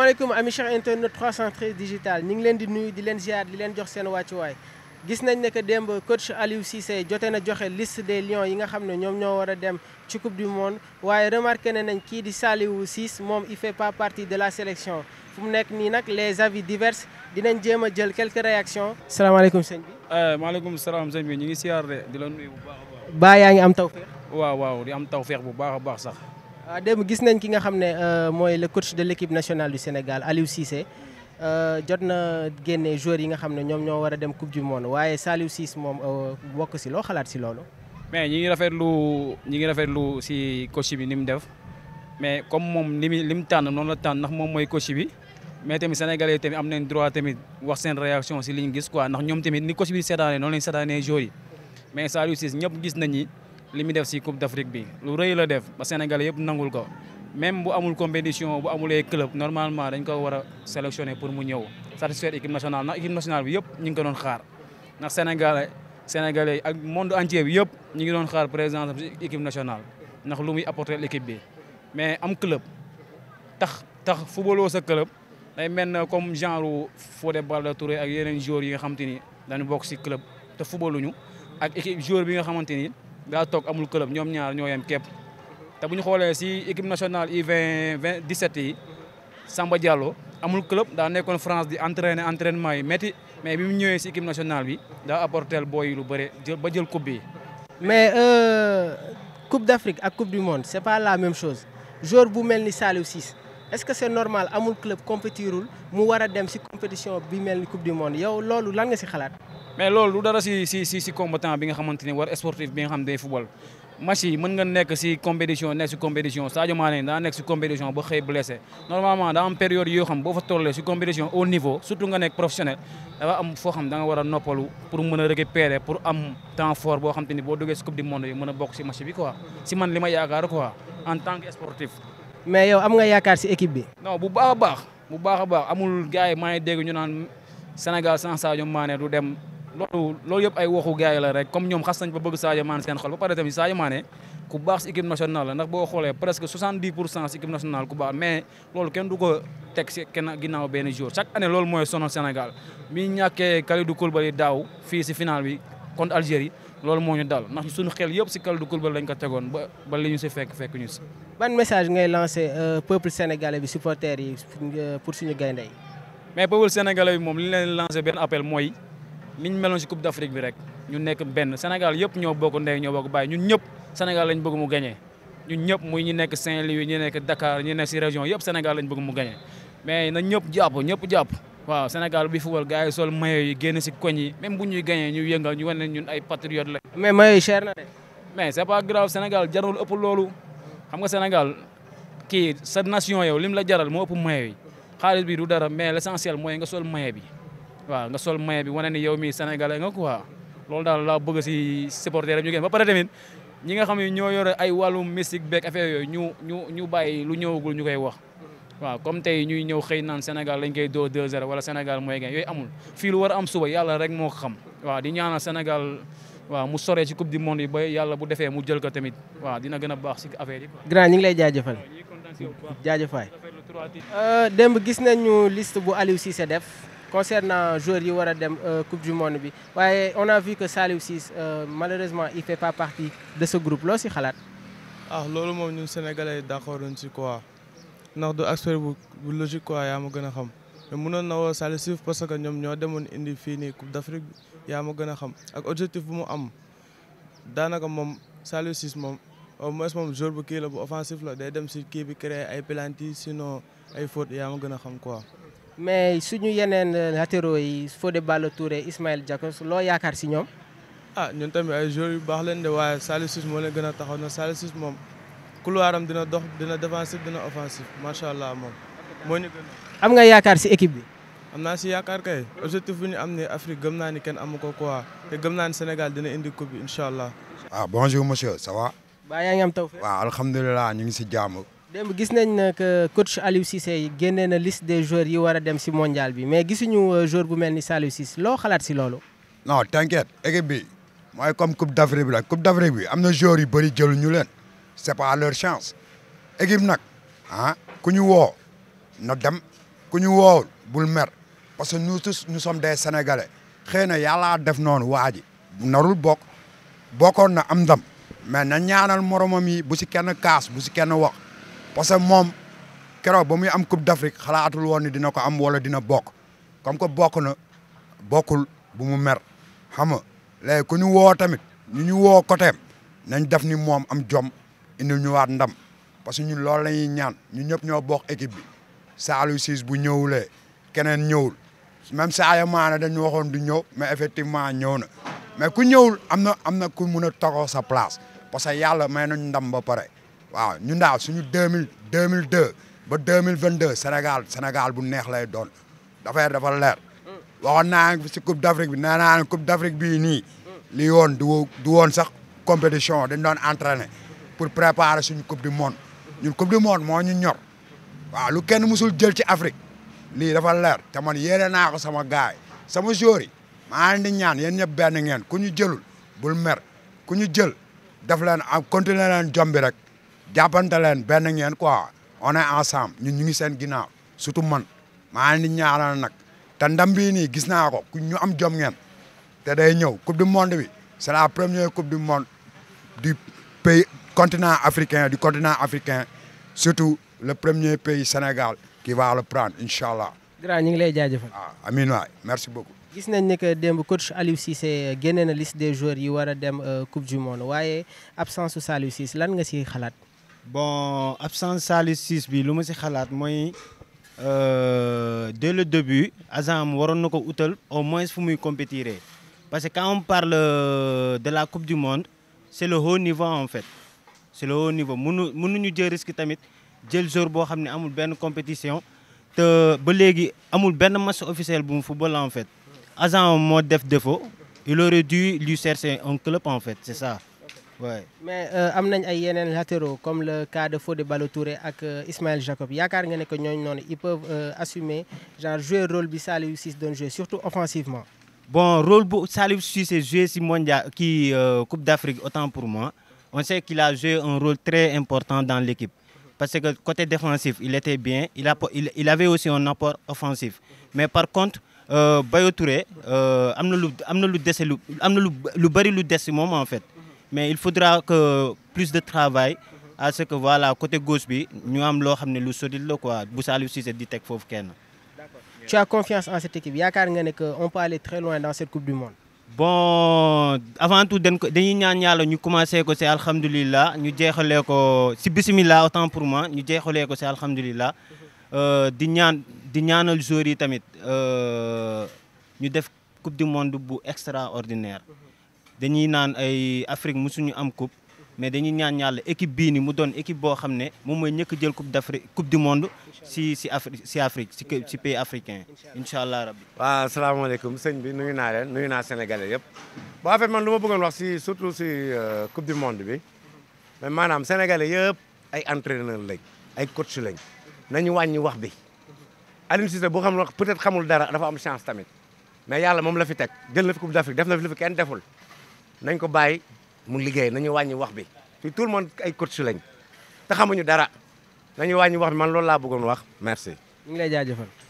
asalaamaaleykum ami cher internet 313 digital ñu ngi leen di nuyu di leen ziar di leen jox seen waay gis nañ ne que démb coach Aliou Cissé jote na joxe liste des lions yi nga xam ne ñoom ñoo war dem ci coupe du monde waaye remarqué ne nañ kii di Saliou Ciss moom il fait pas partie de la sélection fu mu nekk nii nag les avis divers dinañ jéem a jël quelques réactions. salaamaaleykum sëñ bi. Eh, maaleykum salaam sëñ bi ñu ngi ziar de di la nuyu bu baax baa yaa ngi am tawféex. waaw waaw di am tawféex bu baax a baax sax. waaw euh, démb gis nañ ki nga xam ne euh, mooy le coach de l' équipe nationale du Sénégal Aliou Cissé euh, jot na génne joueurs yi nga xam ne ñoom ñoo war a dem coupe du monde waaye Saliou Ciss moom bokk si loo xalaat si loolu. mais ñi ngi lu ñi ngi rafetlu si coach bi ni mu def mais comme moom li mu li tànn noonu la tànn ndax moom mooy coach bi mais tamit sénégalais tamit am nañ droit tamit wax seen réaction si li ñu gis quoi ndax ñoom tamit ni coach bi seetaanee noonu la ñu seetaanee joueurs mais Saliou Ciss gis nañ li mu def si Coupe d'Afrique bi lu rëy la def ba Sénégal yëpp nangul ko même bu amul compétition bu amulee club normalement dañ ko war a sélectionner pour mu ñëw satisfaire équipe nationale ndax équipe nationale bi yëpp ñu ngi ko doon xaar ndax Sénégalais Sénégalais ak monde entier bi yëpp ñu ngi doon xaar présence si équipe nationale ndax lu muy apporter l'équipe bi mais am club tax tax footballoo sa club day mel ne comme genre Fodé Balda Touré ak yeneen yi nga xamante ni dañu bokk si club te footballuñu ak équipe bi nga xamante ni daa toog amul club ñoom ñaar ñoo yem képp te bu ñu xoolee si équipe nationale U20 20 17 yi Samba Diallo amul club daa nekkoon France di entraîner entraînement yi métti mais bi mu ñëwee si équipe nationale bi daa apporter booy lu bëre jël ba jël coupe bi. mais euh, coupe d'Afrique ak coupe du monde c'est pas la même chose joueur bu mel ni Saliou Ciss est-ce que c'est normal amul club compétirul mu war a dem si compétition bi mel ni coupe du monde yow loolu lan nga si xalaat. mais loolu du dara si si si si bi nga xamante war sportif bi nga xam football match yi nga nekk si compétition nekk si compétition Sadio Mané daa nekk si compétition ba xëy blessé normalement daa am période yoo xam boo fa tollee si compétition au niveau surtout nga nekk professionnel dafa am foo xam da war a noppalu pour mën a récupérer pour am temps fort boo xam te ni boo duggee si coupe du monde yi mën a bokk si match bi loolu loolu yëpp ay waxu gars yi la rek comme ñoom xas nañ ba bëgg Sadio Mané seen xol ba pare tamit Sadio Mané ku baax si équipe nationale la ndax boo xoolee presque 70 pour cent si équipe nationale ku baax mais loolu kenn du teg si kenn loolu mooy sonal Sénégal mi bi contre Algérie loolu moo ñu dal ndax suñu xel yëpp si Kalidou Koulibaly lañ ko tegoon ba ba li ñu si fekk fekk ñu si. ban message ngay lancé euh, peuple sénégalais bi supporters yi pour suñu gaynde yi mais peuple sénégalais bi moom li leen lancé benn appel mooy. niñ meloon si coupe d' afrique bi rek ñu nekk benn senegal yëpp ñoo bokk ndey ñoo bokk bàyyi ñun ñëpp sénégal lañ bëgg mu gagné ñun ñëpp muy ñi nekk Saint-Louis ñi nekk dakar ñi nekk si région yëpp sénégal lañ bëgg mu gagné mais na ñëpp jàpp ñëpp jàpp waaw sénégal bi football gars yi sol maillot yi génn si koñ yi même bu ñu yëngal ñu wane ñun ay patriote la mais maillot yi cher na de mais c' est pas grave sénégal jarul ëpp loolu xam nga sénégal kii sa nation yow lim la jaral moo ëpp maillot yi xaalis bi du dara mais l' essentiel mooy nga sol maillot bi waaw nga sol maillot bi wane ni yow mi sénégalais nga quoi loolu daal laa bëgg si supporter rek ñu génn ba pare tamit ñi nga xam ne ñoo yore ay wàllum mystique beeg affaire yooyu ñu ñu ñu bàyyi lu ñu koy wax waa comme tey ñuy ñëw xëy naan Sénégal lañ koy doo 2-0 wala Sénégal mooy gañ yooyu amul fi lu war a am suba yàlla rek moo xam waaw di ñaanal Sénégal waaw mu soree ci coupe di monde yi ba yàlla bu defee mu jël ko tamit waaw dina gën a baax si affaire yi. grand ñu ngi lay jaajëfal jaajëfaay. Euh, démb gis concernant joueurs yi war a dem euh, coupe du monde bi waaye on a vu que Saliou Ciss euh, malheureusement il fait pas partie de ce groupe loo si xalaat. ah loolu moom ñun sénégalais yi d'accord si quoi ndax du aspect bu bu logique quoi yaa gën a xam mais mënoon na woo Saliou Ciss parce que ñoom ñoo demoon indi fii nii coupe d'Afrique bi gën a xam ak objectif bu mu am daanaka moom Saliou Ciss moom au moins moom joueur bu kii la bu offensif la day dem si kii bi créer ay penalty sinon ay fautes yaa gën a xam quoi. mais suñu yeneen euh, latéraux yi Fodé Ballo Touré Ismaël Jakobs loo yaakaar si ñoom. ah ñun tamit ay joueurs yu baax leen de waaye Saliou moo leen gën a taxaw na Saliou Ciss moom couloir am dina dox dina défensif dina offensif macha allah moom moo ñu gën a. am nga yaakaar si équipe bi. am naa si yaakaar kay objectif ni am ne Afrique gëm naa ni kenn amu ko quoi te gëm naa ni Sénégal dina indi ko bi incha allah. ah bonjour monsieur ça va. baa yaa ngi am taw. waaw ñu ngi si jàmm. démb gis nañ ne que coach Aliou Cissé génnee na liste des joueurs yi war a dem si mondial bi mais gisuñu euh, joueur bu mel ni Saliou Cissé loo xalaat si loolu. non t'inquiète équipe bi mooy comme coupe d'Afrique bi la coupe d'Afrique bi am na joueurs yu bëri ñu leen c'est pas leur chance équipe nag ah ku ñu woo na dem ku ñu woowul bul mer parce que nous tous nous sommes des sénégalais xëy na yàllaa def noonu waa ji narul bokk bokkoon na am ndam mais na ñaanal moromam yi bu si kenn kaas bu si kenn wax. parce que moom keroog ba muy am coupe d'Afrique xalaatul woon ni dina ko am wala dina bokk comme que bokk na bokkul bu mu mer xam nga léegi ku ñu woo tamit ñu ñu woo côté nañ def ni moom am jom indi ñu waat ndam parce que ñu loolu la ñaan ñu ñëpp ñoo bok équipe bi Saliou Ciss bu ñëwulee keneen ñëwul même Sadio Mané dañu waxoon du ñëw mais effectivement ñëw na mais ku ñëwul am na am na ku mun a togo sa place parce que yàlla may nañ ndam ba pare waaw ñun ndaaw suñu deux mille deux mille deux ba deux mille vingt deux Sénégal Sénégal bu neex lay doon dafay dafa leer mm. waxoon naa ne si coupe bi nee naa ne coupe d' Afrique nii mm. li woon du du woon sax compétition dañ doon entraîner pour préparer suñu coupe du monde ñun coupe du monde moo ñu ñor waaw lu kenn musul jël ci Afrique lii dafa leer te man naa ko sama gaay sama joueur yi maa leen di ñaan yéen ñëpp benn ngeen ku ñu jël bul mer ku ñu jël daf leen am continuer leen jom bi rek. jàppante leen benn ngeen quoi on est ensemble ñun ñu ngi seen ginnaaw surtout man maa ni ñaara nag te ndam bii nii gis naa ko ku ñu am jom ngeen te day ñëw coupe du monde bi c'est la première coupe du monde du pays continent africain du continent africain surtout le premier pays Sénégal qui va le prendre incha allah. ñu ngi lay jaajëfal. waaw ah, amiin waay merci beaucoup. gis nañ ne que demb coach Aliou Cissé génne na liste des joueurs yi war a dem euh, coupe du monde waaye absence su Saliou Cissé lan nga siy xalaat. bon absence Salif Ciss bi lu ma si xalaat mooy euh, dès le début agent am waroon na ko utal au moins fu muy compétir parce que quand on parle euh, de la coupe du monde c' est le haut niveau en fait c' est le haut niveau mënu mënuñu jël risque tamit jël jour boo xam ne amul benn compétition te ba léegi amul benn match officiel bu mu football en fait agent am moo def défaut il aurait dû lui chercher un club en fait c' ça mais euh, am nañ ay yeneen latéraux comme le cas de Fodé Ballo-Touré ak euh, Ismaël Jacob yaakaar nga ne que ñooñu noonu ils peuvent euh, assumer genre rôle bi Saliou Ciss doon jouer surtout offensivement. bon rôle bu Saliou Cissé joué si mondial kii Coupe d'Afrique autant pour moi on sait qu'il a joué un rôle très important dans l'équipe parce que côté défensif il était bien il a il, il avait aussi un apport offensif mais par contre Bayo Touré am na lu dese lu am lu lu mais il faudra que plus de travail à ce que voilà côté gauche bi ñu am loo xam ne lu solide la quoi bu Saliou Cissé di teg foofu kenn. tu as confiance en cette équipe yaakaar nga ne que on peut aller très loin dans cette coupe du monde. bon avant tout dañ ko dañuy ñaan yàlla ñu commencé ko si alhamdulilah ñu jeexalee ko si bisimilah autant pour moi ñu jeexalee ko si alhamdulilah euh, di ñaan di ñaanal joueurs yi tamit euh, ñu def coupe du monde bu extraordinaire. dañuy naan ay Afrique musuñu am coupe mais dañuy ñaan yàlla équipe bii ni mu doon équipe boo xam ne moom mooy ñëkk jël coupe d'Afrique coupe du monde si si Afrique si Afrique si si pays africain incha allah rabbi waaw asalaamaaleykum sëñ bi nuyu naa leen nuyu naa sénégalais yëpp bon en fait man lu ma bëggoon wax si surtout si euh, coupe du monde bi mais maanaam sénégalais yëpp ay entraîneur lañ ay coach lañ nañu wàññi wax bi Aliou Cissé boo xam ne peut-être xamul dara dafa am chance tamit mais yàlla moom la fi teg jël na fi coupe d'Afrique def na fi lu fi kenn deful nañ ko bàyyi mu liggéey nañu wàññi wax bi fii tout le monde ay coach lañ te xamuñu dara nañu wàññi wax man loolu laa bëggoon wax merci. ñu ngi lay jaajëfal.